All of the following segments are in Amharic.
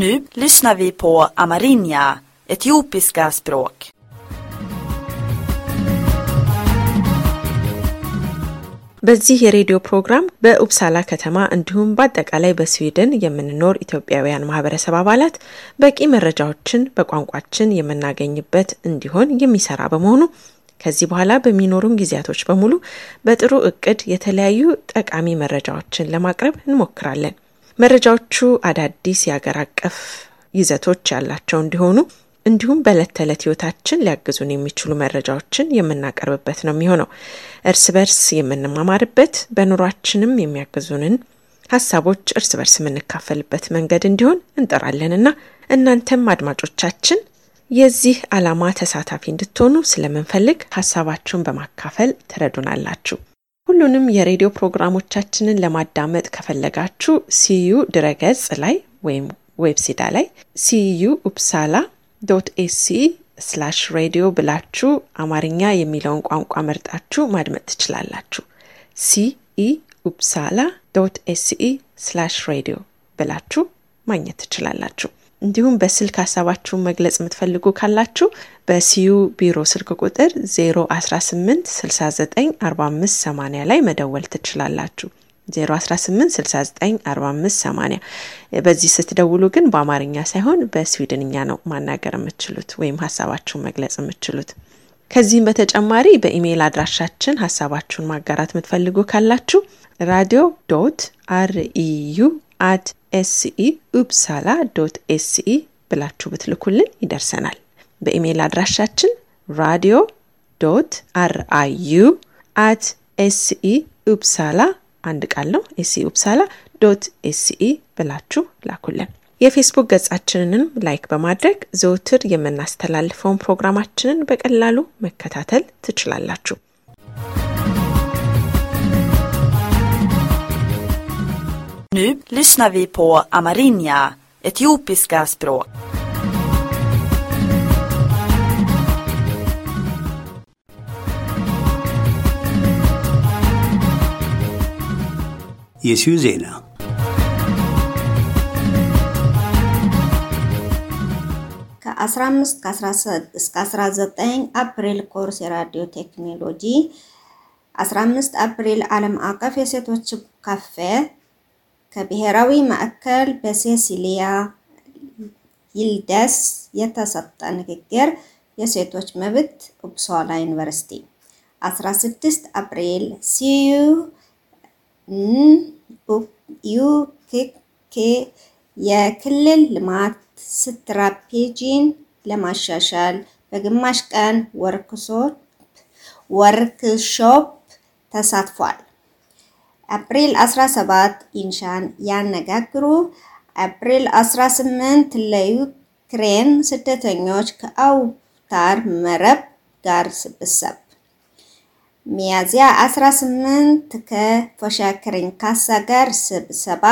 Nu lyssnar vi på amerinja, etiopiska språk. በዚህ የሬዲዮ ፕሮግራም በኡፕሳላ ከተማ እንዲሁም በአጠቃላይ በስዊድን የምንኖር ኢትዮጵያውያን ማህበረሰብ አባላት በቂ መረጃዎችን በቋንቋችን የምናገኝበት እንዲሆን የሚሰራ በመሆኑ ከዚህ በኋላ በሚኖሩን ጊዜያቶች በሙሉ በጥሩ እቅድ የተለያዩ ጠቃሚ መረጃዎችን ለማቅረብ እንሞክራለን። መረጃዎቹ አዳዲስ የአገር አቀፍ ይዘቶች ያላቸው እንዲሆኑ እንዲሁም በዕለት ተዕለት ህይወታችን ሊያግዙን የሚችሉ መረጃዎችን የምናቀርብበት ነው የሚሆነው። እርስ በርስ የምንማማርበት በኑሯችንም የሚያግዙንን ሀሳቦች እርስ በርስ የምንካፈልበት መንገድ እንዲሆን እንጠራለንና እናንተም አድማጮቻችን የዚህ ዓላማ ተሳታፊ እንድትሆኑ ስለምንፈልግ ሀሳባችሁን በማካፈል ትረዱናላችሁ። ሁሉንም የሬዲዮ ፕሮግራሞቻችንን ለማዳመጥ ከፈለጋችሁ ሲዩ ድረገጽ ላይ ወይም ዌብሲዳ ላይ ሲዩ ኡፕሳላ ዶት ኤሲ ስላሽ ሬዲዮ ብላችሁ አማርኛ የሚለውን ቋንቋ መርጣችሁ ማድመጥ ትችላላችሁ። ሲኢ ኡፕሳላ ዶት ኤሲኢ ስላሽ ሬዲዮ ብላችሁ ማግኘት ትችላላችሁ። እንዲሁም በስልክ ሀሳባችሁን መግለጽ የምትፈልጉ ካላችሁ በሲዩ ቢሮ ስልክ ቁጥር 018 69 ላይ መደወል ትችላላችሁ። 018 በዚህ ስትደውሉ ግን በአማርኛ ሳይሆን በስዊድንኛ ነው ማናገር የምችሉት ወይም ሀሳባችሁን መግለጽ የምችሉት ከዚህም በተጨማሪ በኢሜይል አድራሻችን ሀሳባችሁን ማጋራት የምትፈልጉ ካላችሁ ራዲዮ ዶት አርኢዩ አት ኤስኢ ኡፕሳላ ዶት ኤስኢ ብላችሁ ብትልኩልን ይደርሰናል። በኢሜይል አድራሻችን ራዲዮ ዶት አርአዩ አት ኤስኢ ኡፕሳላ አንድ ቃል ነው። ኤስኢ ኡፕሳላ ዶት ኤስኢ ብላችሁ ላኩልን። የፌስቡክ ገጻችንንም ላይክ በማድረግ ዘውትር የምናስተላልፈውን ፕሮግራማችንን በቀላሉ መከታተል ትችላላችሁ። Nu lyssnar vi på Amarinja, etiopiska språk. የሲዩ ዜና ከ15 እስከ 19 አፕሪል ኮርስ የራዲዮ ቴክኖሎጂ 15 አፕሪል ዓለም አቀፍ የሴቶች ካፌ ከብሔራዊ ማዕከል በሴሲሊያ ይልደስ የተሰጠ ንግግር የሴቶች መብት ኡፕሳላ ዩኒቨርሲቲ 16 አፕሪል ሲዩ ዩኬኬ የክልል ልማት ስትራቴጂን ለማሻሻል በግማሽ ቀን ወርክሾፕ ተሳትፏል። አፕሪል 17 ኢንሻን ያነጋግሩ። አፕሪል 18 ለዩክሬን ስደተኞች ከአውታር መረብ ጋር ስብሰብ ሚያዚያ 18 ካሳ ጋር ስብሰባ።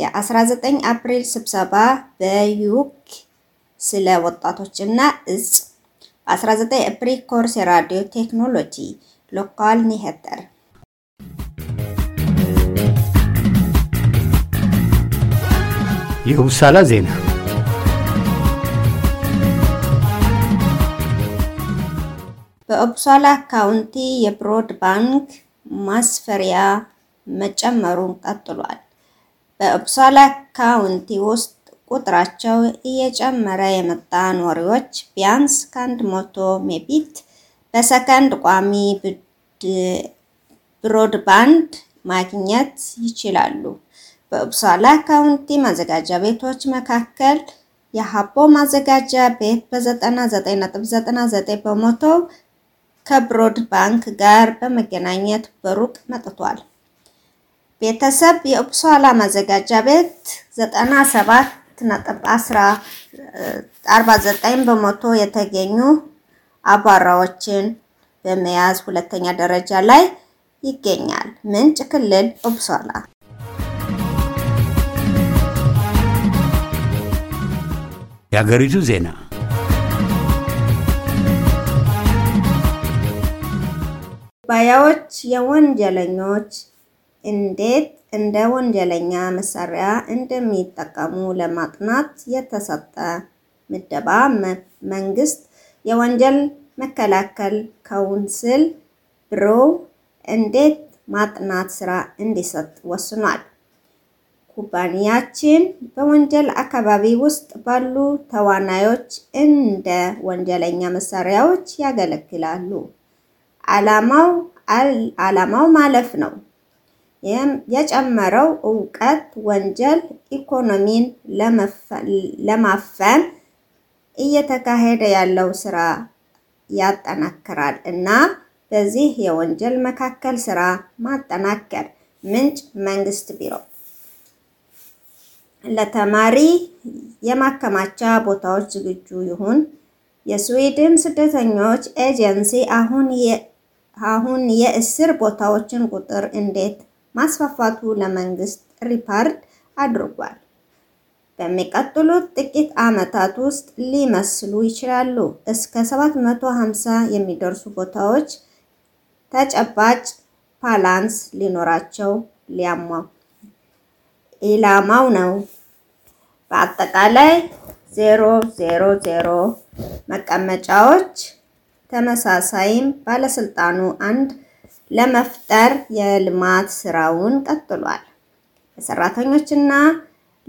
የ19 አፕሪል ስብሰባ በዩክ ስለ ወጣቶችና እጽ 19 አፕሪል ኮርስ የራዲዮ ቴክኖሎጂ ሎካል ኒሄተር የውሳላ ዜና በአቡሳላ ካውንቲ የብሮድ ባንክ ማስፈሪያ መጨመሩን ቀጥሏል። በአቡሳላ ካውንቲ ውስጥ ቁጥራቸው እየጨመረ የመጣ ነዋሪዎች ቢያንስ ከአንድ መቶ ሜቢት በሰከንድ ቋሚ ብሮድባንድ ማግኘት ይችላሉ። በኡፕሳላ ካውንቲ ማዘጋጃ ቤቶች መካከል የሀቦ ማዘጋጃ ቤት በ99.99 በመቶ ከብሮድ ባንክ ጋር በመገናኘት በሩቅ መጥቷል። ቤተሰብ የኡፕሳላ ማዘጋጃ ቤት 97.49 በመቶ የተገኙ አቧራዎችን በመያዝ ሁለተኛ ደረጃ ላይ ይገኛል። ምንጭ ክልል ኡፕሳላ የአገሪቱ ዜና ባያዎች የወንጀለኞች እንዴት እንደ ወንጀለኛ መሳሪያ እንደሚጠቀሙ ለማጥናት የተሰጠ ምደባ መንግስት የወንጀል መከላከል ካውንስል ብሮ እንዴት ማጥናት ስራ እንዲሰጥ ወስኗል። ኩባንያችን በወንጀል አካባቢ ውስጥ ባሉ ተዋናዮች እንደ ወንጀለኛ መሳሪያዎች ያገለግላሉ። ዓላማው ዓላማው ማለፍ ነው። የጨመረው እውቀት ወንጀል ኢኮኖሚን ለማፈን እየተካሄደ ያለው ስራ ያጠናክራል እና በዚህ የወንጀል መካከል ስራ ማጠናከር ምንጭ መንግስት ቢሮ ለተማሪ የማከማቻ ቦታዎች ዝግጁ ይሁን። የስዊድን ስደተኞች ኤጀንሲ አሁን የእስር ቦታዎችን ቁጥር እንዴት ማስፋፋቱ ለመንግስት ሪፓርድ አድርጓል። በሚቀጥሉት ጥቂት ዓመታት ውስጥ ሊመስሉ ይችላሉ እስከ 750 የሚደርሱ ቦታዎች ተጨባጭ ፓላንስ ሊኖራቸው ሊያሟሙ ኢላማው ነው። በአጠቃላይ ዜሮ ዜሮ ዜሮ መቀመጫዎች ተመሳሳይም ባለስልጣኑ አንድ ለመፍጠር የልማት ስራውን ቀጥሏል። ለሰራተኞችና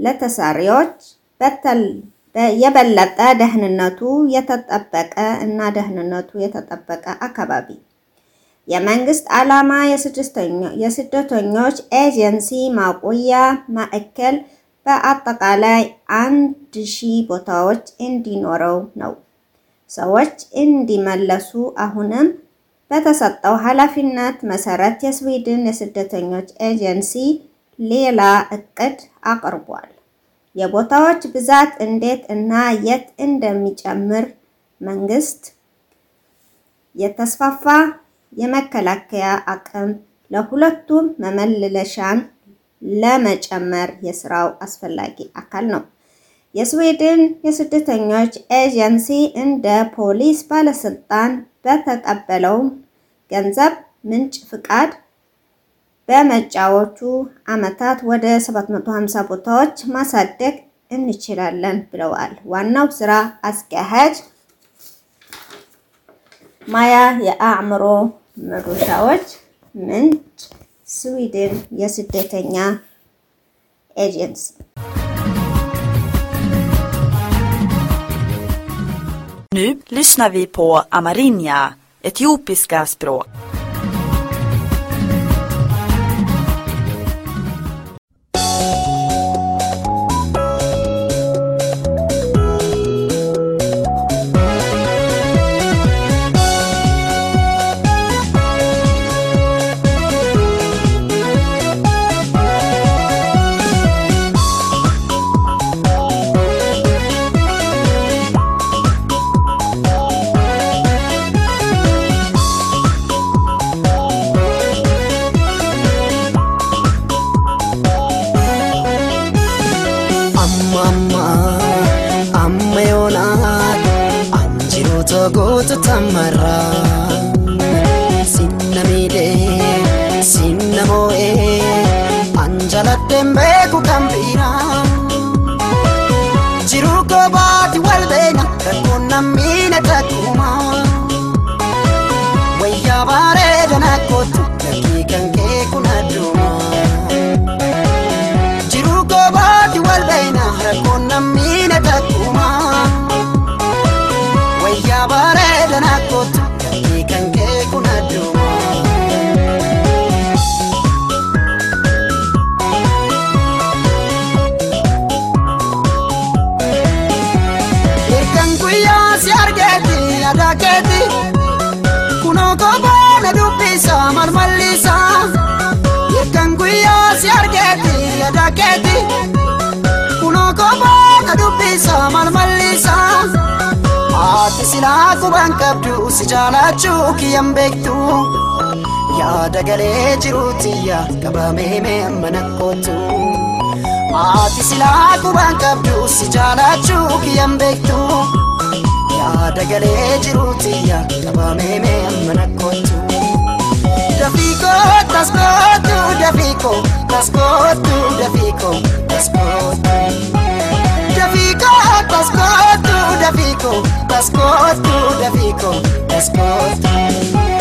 ለተሰሪዎች የበለጠ ደህንነቱ የተጠበቀ እና ደህንነቱ የተጠበቀ አካባቢ የመንግስት ዓላማ የስደተኞች ኤጀንሲ ማቆያ ማዕከል በአጠቃላይ አንድ ሺህ ቦታዎች እንዲኖረው ነው። ሰዎች እንዲመለሱ አሁንም በተሰጠው ኃላፊነት መሰረት የስዊድን የስደተኞች ኤጀንሲ ሌላ እቅድ አቅርቧል። የቦታዎች ብዛት እንዴት እና የት እንደሚጨምር መንግስት የተስፋፋ የመከላከያ አቅም ለሁለቱም መመለሻን ለመጨመር የስራው አስፈላጊ አካል ነው። የስዊድን የስደተኞች ኤጀንሲ እንደ ፖሊስ ባለስልጣን በተቀበለው ገንዘብ ምንጭ ፍቃድ በመጫዎቹ ዓመታት ወደ 750 ቦታዎች ማሳደግ እንችላለን ብለዋል። ዋናው ስራ አስኪያጅ ማያ የአእምሮ መዶሻዎች ምንጭ ስዊድን የስደተኛ ኤጀንሲ Nu lyssnar vi på Amarinja, etiopiska språk. goota tamarraa sinna miidhee sinna moo'ee anjaladhee meeku kan biiraa jiruu si argeeti yadakeeti e kunoo kophaata dubbisa mal mallisa haati silaa quban qabdu si jaalachuu kiyyan beektu yaa galee jiruutiyya qabamee mee mana kootu haati silaa quban qabdu si jaalachuu kiyyan beektu yaa galee jiruutiyya qabamee mee mana kootu. Dafico, let's go to Dafico. Let's go to Dafico. Let's go to Dafico. Let's go to Dafico. Let's go to Dafico. Let's go to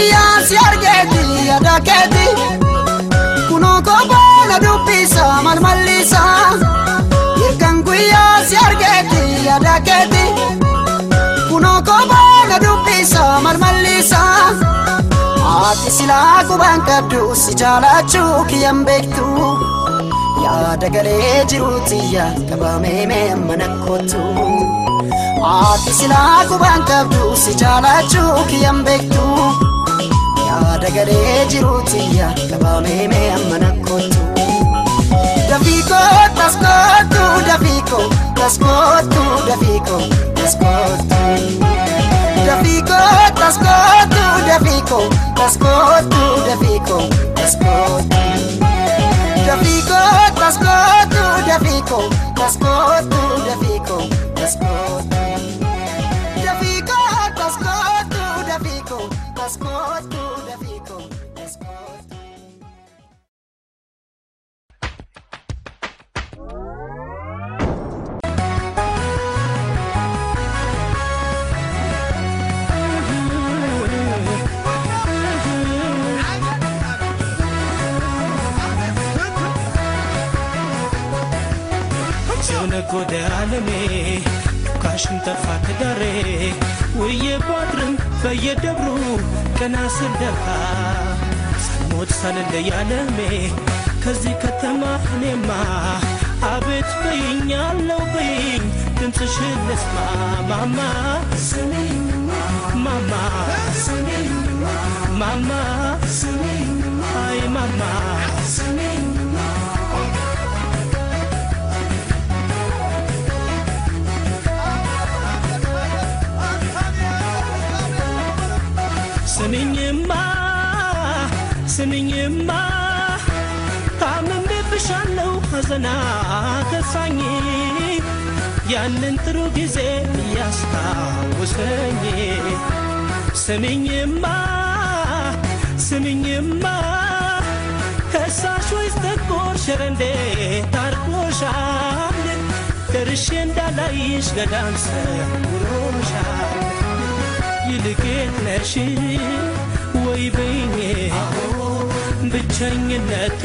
guyyaa si argeeti yaada keeti kunoo kophoo na dubbisa mal mallisa mirkaan guyyaa si argeeti yaada keeti kunoo dubbisa yaada galee mana kootu. Ati silaa kubaan ah, qabdu si jaalachuu yaada garee jiruuti yaa kabaamee mee amma nakkootu. Dafiikoo taskootu dafiikoo taskootu dafiikoo taskootu. Dafiikoo taskootu dafiikoo taskootu dafiikoo taskootu. Dafiikoo taskootu dafiikoo taskootu dafiikoo taskootu. Dafiikoo taskootu dafiikoo taskootu. ወደ ዓለሜ ካሽን ጠፋ ከዳሬ ውዬ ባድርም በየደብሩ ቀና ስደፋ ሳልሞት ሳልለይ ዓለሜ ከዚህ ከተማ እኔማ አቤት በይኝ አለው በይኝ ድምፅሽን ልስማ ማማ ማማ ማማ አይ ማማ እኔማ ታምሜብሻለሁ ሐዘና ከሳኝ ያንን ጥሩ ጊዜ እያስታውሰኝ ስሚኝማ ስሚኝማ ከሳሽ ወይስ ጥቁር ሽር እንዴት ደርሼ እንዳላይሽ ገዳም ሰውሮሻል። ይልቅ የት ነሽ ወይ በይኝ ብቸኝነቱ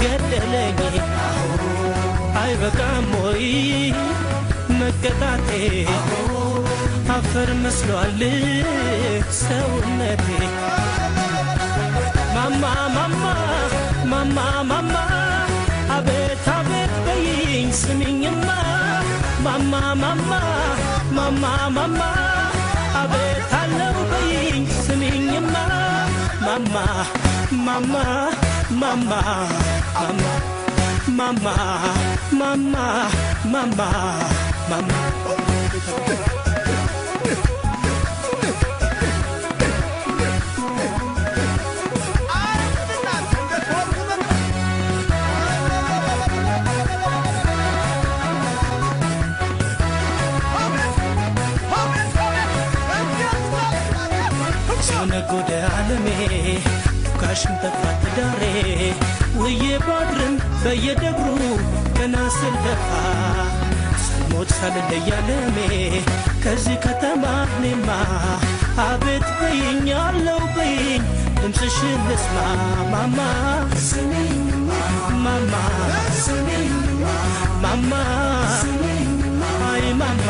ገደለኝ። አይበቃም ወይ መቀጣቴ? አፈር መስሏል ሰውነቴ። ማማ ማማ ማማ ማማ አቤት አቤት በይኝ ስሚኝማ ማማ ማማ ማማ ማማ አቤት አለው በይኝ ስሚኝማ ማማ mama, mama, mama, mama, mama, mama, mama. Go to the me. ዳሽን ተፋት ዳሬ ውዬ ባድርም በየደብሩ ገና ስለፋ ሞት ሳልለይ ከዚህ ከተማ ኔማ አቤት በይኝ አለው በይኝ ድምፅሽን ልስማ ማማ ማማ ማማ ማማ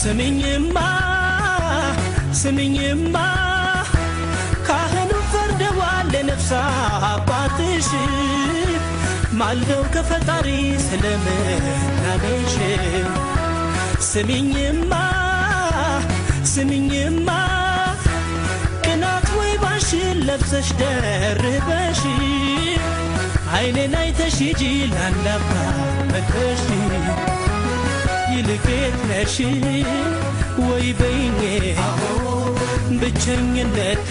ስምኝማ ስምኝማ ካህኑ ፈርደዋል ለነፍሳ አባትሽ ማለው ከፈጣሪ ስለምናለሽ ስምኝማ ስምኝማ ቅናት ወይ ባሽን ለብሰሽ ደርበሽ አይኔን አይተሽ ሂጂ ላላባ መተሽ ልቤት ነሽ ወይ በይኝ ብቸኝነት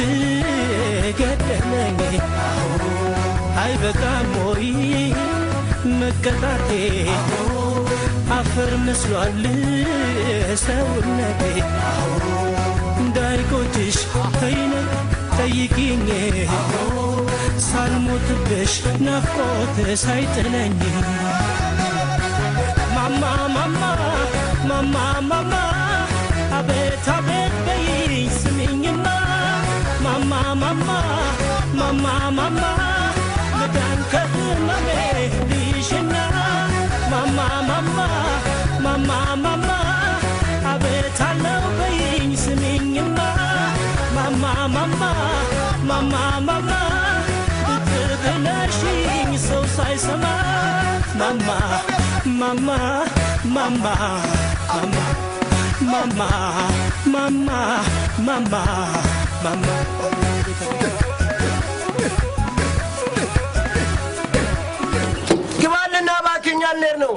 ገደለኝ አይበቃም ወይ መቀጣቴ አፈር መስሏል ሰውነቴ እንዳይቆጭሽ ተይነ ጠይቂኝ ሳልሞትብሽ ናፍቆት ሳይጥለኝ mama mama abet abet beyin sminge ma mama mama mama mama medan kadir mame dişena mama mama mama mama abet alıp beyin sminge ma mama mama mama mama bitirdiler şeyin sov saysana mama mama mama, mama, mama, mama, mama, mama. ግባልና ባክኛል ነው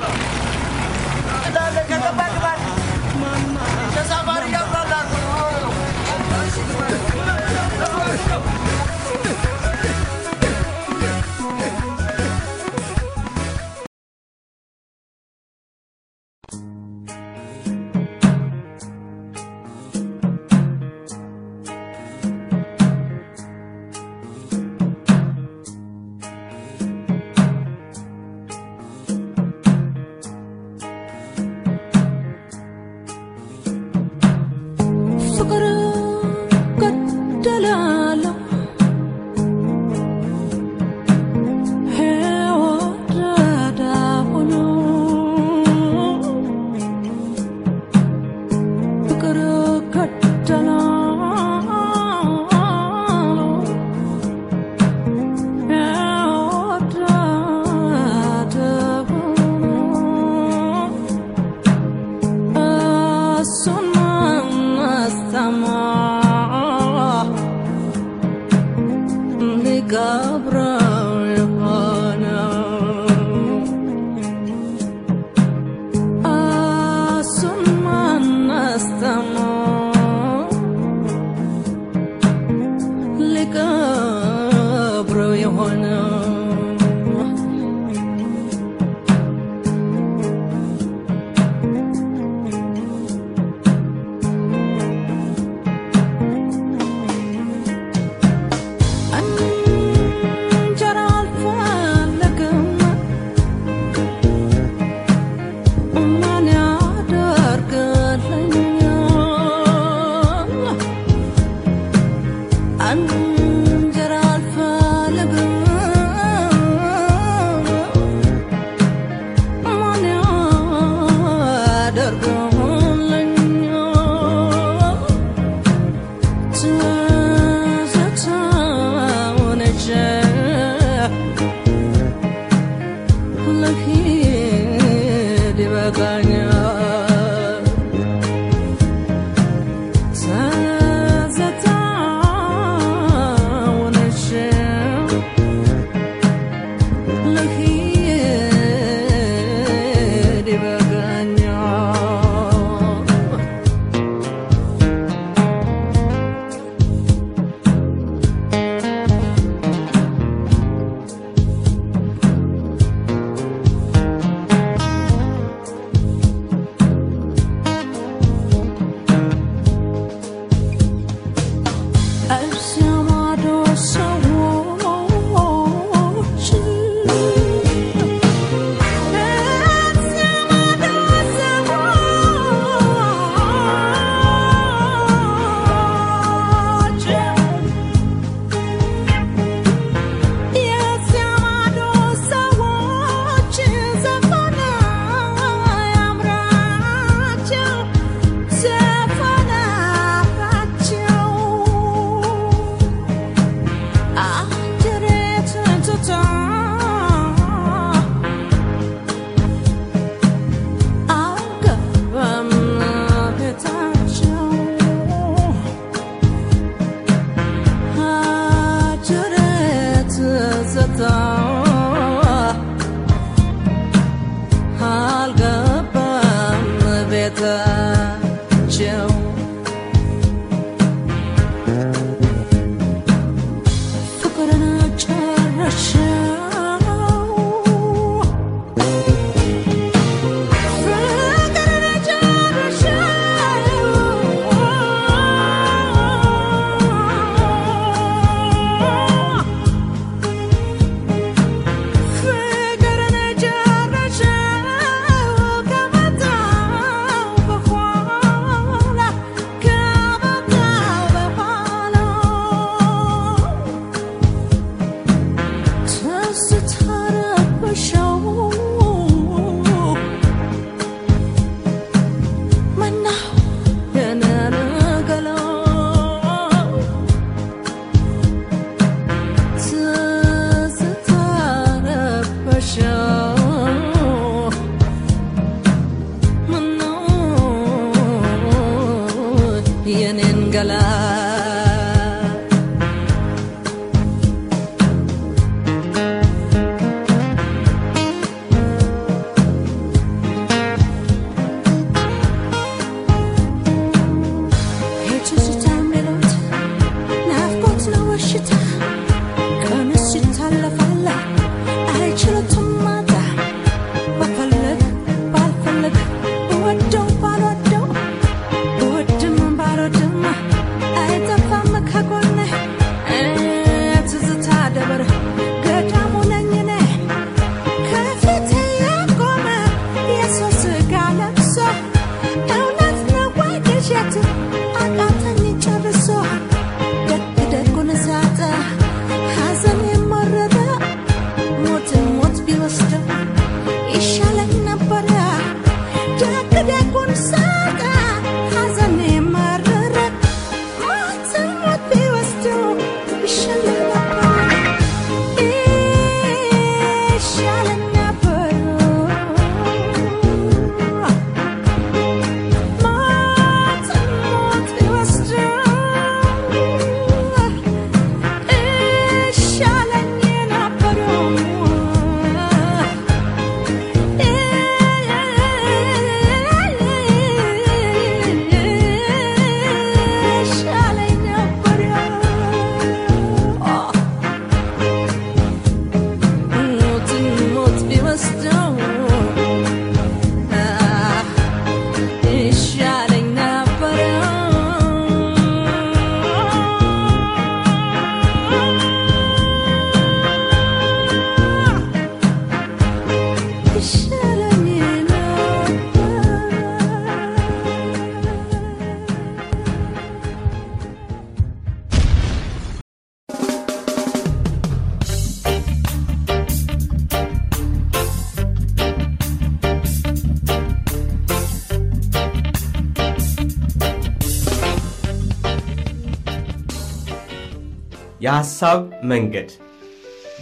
የሐሳብ መንገድ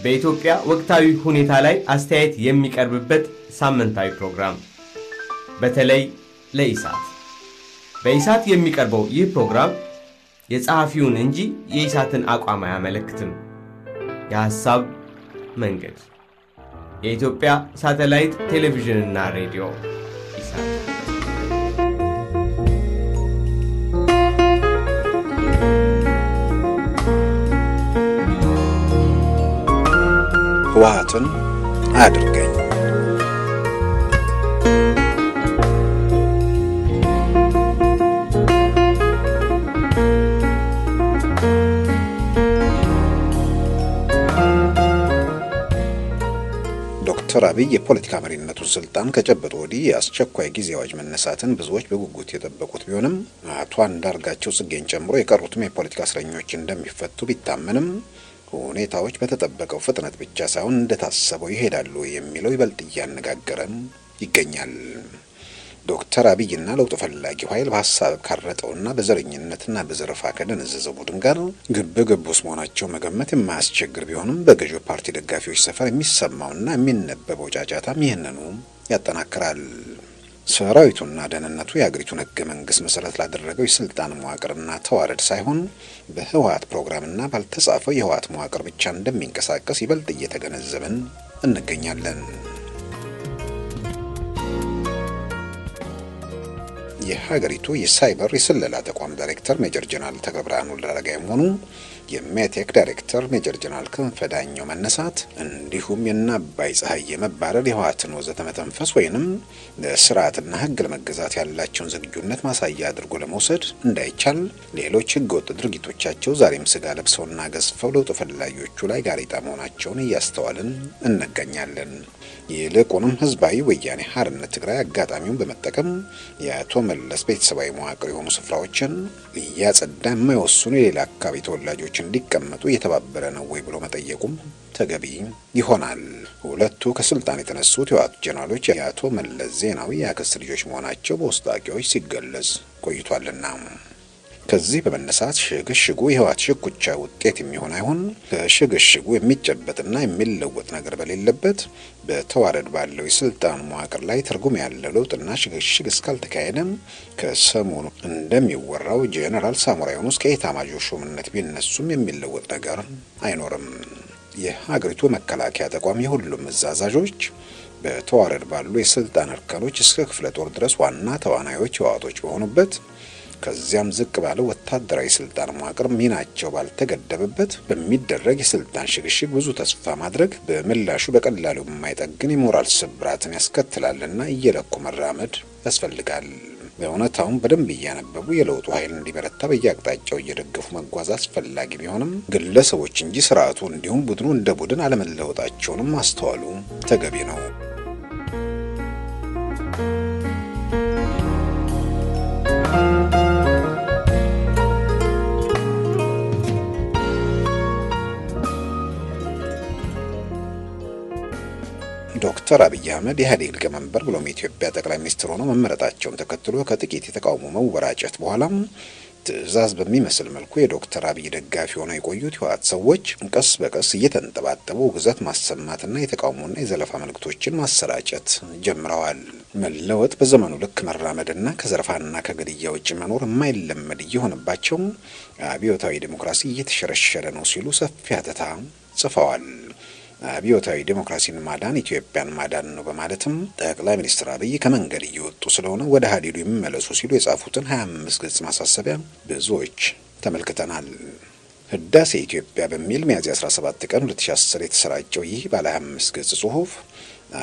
በኢትዮጵያ ወቅታዊ ሁኔታ ላይ አስተያየት የሚቀርብበት ሳምንታዊ ፕሮግራም በተለይ ለኢሳት በኢሳት የሚቀርበው ይህ ፕሮግራም የጸሐፊውን እንጂ የኢሳትን አቋም አያመለክትም። የሐሳብ መንገድ የኢትዮጵያ ሳተላይት ቴሌቪዥንና ሬዲዮ ህወሓትን አድርገኝ። ዶክተር አብይ የፖለቲካ መሪነቱ ስልጣን ከጨበጡ ወዲህ የአስቸኳይ ጊዜ አዋጅ መነሳትን ብዙዎች በጉጉት የጠበቁት ቢሆንም አቶ አንዳርጋቸው ጽጌን ጨምሮ የቀሩትም የፖለቲካ እስረኞች እንደሚፈቱ ቢታመንም ሁኔታዎች በተጠበቀው ፍጥነት ብቻ ሳይሆን እንደታሰበው ይሄዳሉ የሚለው ይበልጥ እያነጋገረም ይገኛል። ዶክተር አብይና ለውጥ ፈላጊው ኃይል በሀሳብ ካረጠውና በዘረኝነትና በዘረፋ ከደነዘዘው ቡድን ጋር ግብ ግቡስ መሆናቸው መገመት የማያስቸግር ቢሆንም በገዢው ፓርቲ ደጋፊዎች ሰፈር የሚሰማውና የሚነበበው ጫጫታም ይህንኑ ያጠናክራል። ሰራዊቱና ደህንነቱ የአገሪቱን ህገ መንግስት መሰረት ላደረገው የስልጣን መዋቅርና ተዋረድ ሳይሆን በህወሀት ፕሮግራምና ባልተጻፈው የህወሀት መዋቅር ብቻ እንደሚንቀሳቀስ ይበልጥ እየተገነዘብን እንገኛለን። የሀገሪቱ የሳይበር የስለላ ተቋም ዳይሬክተር ሜጀር ጀነራል ተገብረ አኑል አረጋዊ የሜቴክ ዳይሬክተር ሜጀር ጀነራል ክንፈ ዳኘው መነሳት እንዲሁም የእነ አባይ ፀሐዬ መባረር የህወሓትን ወዘተ መተንፈስ ወይንም ስርዓትና ህግ ለመገዛት ያላቸውን ዝግጁነት ማሳያ አድርጎ ለመውሰድ እንዳይቻል ሌሎች ህገወጥ ድርጊቶቻቸው ዛሬም ስጋ ለብሰውና ገዝፈው ለውጥ ፈላጊዎቹ ላይ ጋሬጣ መሆናቸውን እያስተዋልን እንገኛለን። ይልቁንም ህዝባዊ ወያኔ ሀርነት ትግራይ አጋጣሚውን በመጠቀም የአቶ መለስ ቤተሰባዊ መዋቅር የሆኑ ስፍራዎችን እያጸዳ የማይወስኑ የሌላ አካባቢ ተወላጆች እንዲቀመጡ እየተባበረ ነው ወይ ብሎ መጠየቁም ተገቢ ይሆናል። ሁለቱ ከስልጣን የተነሱት የዋቱ ጀኔራሎች የአቶ መለስ ዜናዊ የአክስት ልጆች መሆናቸው በውስጥ አዋቂዎች ሲገለጽ ቆይቷልና ከዚህ በመነሳት ሽግሽጉ የህወሓት ሽኩቻ ውጤት የሚሆን አይሆን ለሽግሽጉ የሚጨበጥና የሚለወጥ ነገር በሌለበት በተዋረድ ባለው የስልጣን መዋቅር ላይ ትርጉም ያለ ለውጥና ሽግሽግ እስካልተካሄደም ከሰሞኑ እንደሚወራው ጄኔራል ሳሞራ ዩኑስ ከኤታማዦር ሹምነት ቢነሱም የሚለወጥ ነገር አይኖርም። የሀገሪቱ መከላከያ ተቋም የሁሉም እዛዛዦች በተዋረድ ባሉ የስልጣን እርከኖች እስከ ክፍለ ጦር ድረስ ዋና ተዋናዮች ህወሓቶች በሆኑበት ከዚያም ዝቅ ባለ ወታደራዊ ስልጣን መዋቅር ሚናቸው ባልተገደበበት በሚደረግ የስልጣን ሽግሽግ ብዙ ተስፋ ማድረግ በምላሹ በቀላሉ የማይጠግን የሞራል ስብራትን ያስከትላልና እየለኩ መራመድ ያስፈልጋል። በእውነታውም በደንብ እያነበቡ የለውጡ ኃይል እንዲበረታ በየአቅጣጫው እየደገፉ መጓዝ አስፈላጊ ቢሆንም ግለሰቦች እንጂ ስርዓቱ እንዲሁም ቡድኑ እንደ ቡድን አለመለወጣቸውንም ማስተዋሉ ተገቢ ነው። ዶክተር አብይ አህመድ የኢህአዴግ ሊቀመንበር ብሎም የኢትዮጵያ ጠቅላይ ሚኒስትር ሆነው መመረጣቸውን ተከትሎ ከጥቂት የተቃውሞ መወራጨት በኋላም ትዕዛዝ በሚመስል መልኩ የዶክተር አብይ ደጋፊ ሆነው የቆዩት ህወሓት ሰዎች ቀስ በቀስ እየተንጠባጠቡ ውግዘት ማሰማትና የተቃውሞና የዘለፋ መልእክቶችን ማሰራጨት ጀምረዋል። መለወጥ በዘመኑ ልክ መራመድና ከዘረፋና ከግድያ ውጭ መኖር የማይለመድ እየሆነባቸው አብዮታዊ ዴሞክራሲ እየተሸረሸረ ነው ሲሉ ሰፊ አተታ ጽፈዋል። አብዮታዊ ዴሞክራሲን ማዳን ኢትዮጵያን ማዳን ነው በማለትም ጠቅላይ ሚኒስትር አብይ ከመንገድ እየወጡ ስለሆነ ወደ ሀዲዱ የሚመለሱ ሲሉ የጻፉትን 25 ገጽ ማሳሰቢያ ብዙዎች ተመልክተናል። ህዳሴ ኢትዮጵያ በሚል ሚያዝያ 17 ቀን 2010 የተሰራጨው ይህ ባለ 25 ገጽ ጽሁፍ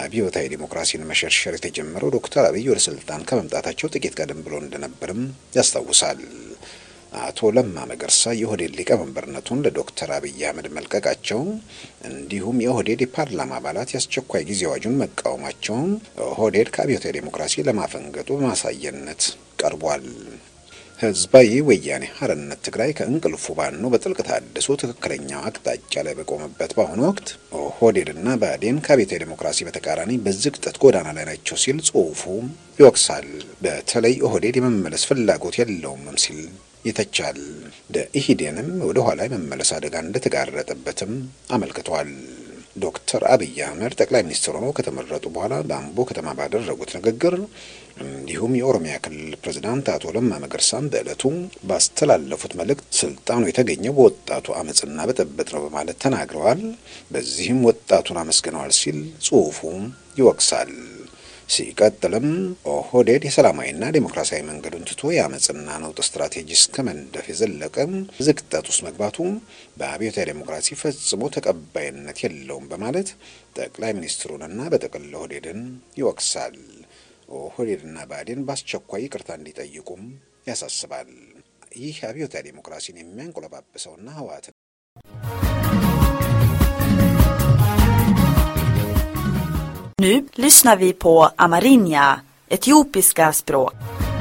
አብዮታዊ ዴሞክራሲን መሸርሸር የተጀመረው ዶክተር አብይ ወደ ስልጣን ከመምጣታቸው ጥቂት ቀደም ብሎ እንደነበርም ያስታውሳል። አቶ ለማ መገርሳ የኦህዴድ ሊቀመንበርነቱን ለዶክተር አብይ አህመድ መልቀቃቸው እንዲሁም የኦህዴድ የፓርላማ አባላት የአስቸኳይ ጊዜ አዋጁን መቃወማቸውን ኦህዴድ ከአብዮታዊ ዴሞክራሲ ለማፈንገጡ በማሳየነት ቀርቧል። ህዝባዊ ወያኔ ሀረነት ትግራይ ከእንቅልፉ ባኖ በጥልቅ ታድሶ ትክክለኛው አቅጣጫ ላይ በቆመበት በአሁኑ ወቅት ኦህዴድና ብአዴን ከአብዮታዊ ዴሞክራሲ በተቃራኒ በዝግጠት ጎዳና ላይ ናቸው ሲል ጽሁፉ ይወቅሳል። በተለይ ኦህዴድ የመመለስ ፍላጎት የለውም ሲል ይተቻል። ደኢህዴንም ወደ ኋላ የመመለስ አደጋ እንደተጋረጠበትም አመልክቷል። ዶክተር አብይ አህመድ ጠቅላይ ሚኒስትር ሆነው ከተመረጡ በኋላ በአምቦ ከተማ ባደረጉት ንግግር እንዲሁም የኦሮሚያ ክልል ፕሬዝዳንት አቶ ለማ መገርሳም በዕለቱ ባስተላለፉት መልእክት ስልጣኑ የተገኘው በወጣቱ አመፅና በጠበጥ ነው በማለት ተናግረዋል። በዚህም ወጣቱን አመስግነዋል ሲል ጽሑፉም ይወቅሳል። ሲቀጥልም ኦህዴድ የሰላማዊና ዴሞክራሲያዊ መንገዱን ትቶ የአመፅና ነውጥ ስትራቴጂ እስከ መንደፍ የዘለቀ ዝቅጠት ውስጥ መግባቱ በአብዮታዊ ዴሞክራሲ ፈጽሞ ተቀባይነት የለውም በማለት ጠቅላይ ሚኒስትሩንና በጥቅል ኦህዴድን ይወቅሳል። ኦህዴድና ብአዴን በአስቸኳይ ይቅርታ እንዲጠይቁም ያሳስባል። ይህ አብዮታዊ ዴሞክራሲን የሚያንቆለጳጵሰውና ህወሓትን Nu lyssnar vi på Amarinja, etiopiska språk.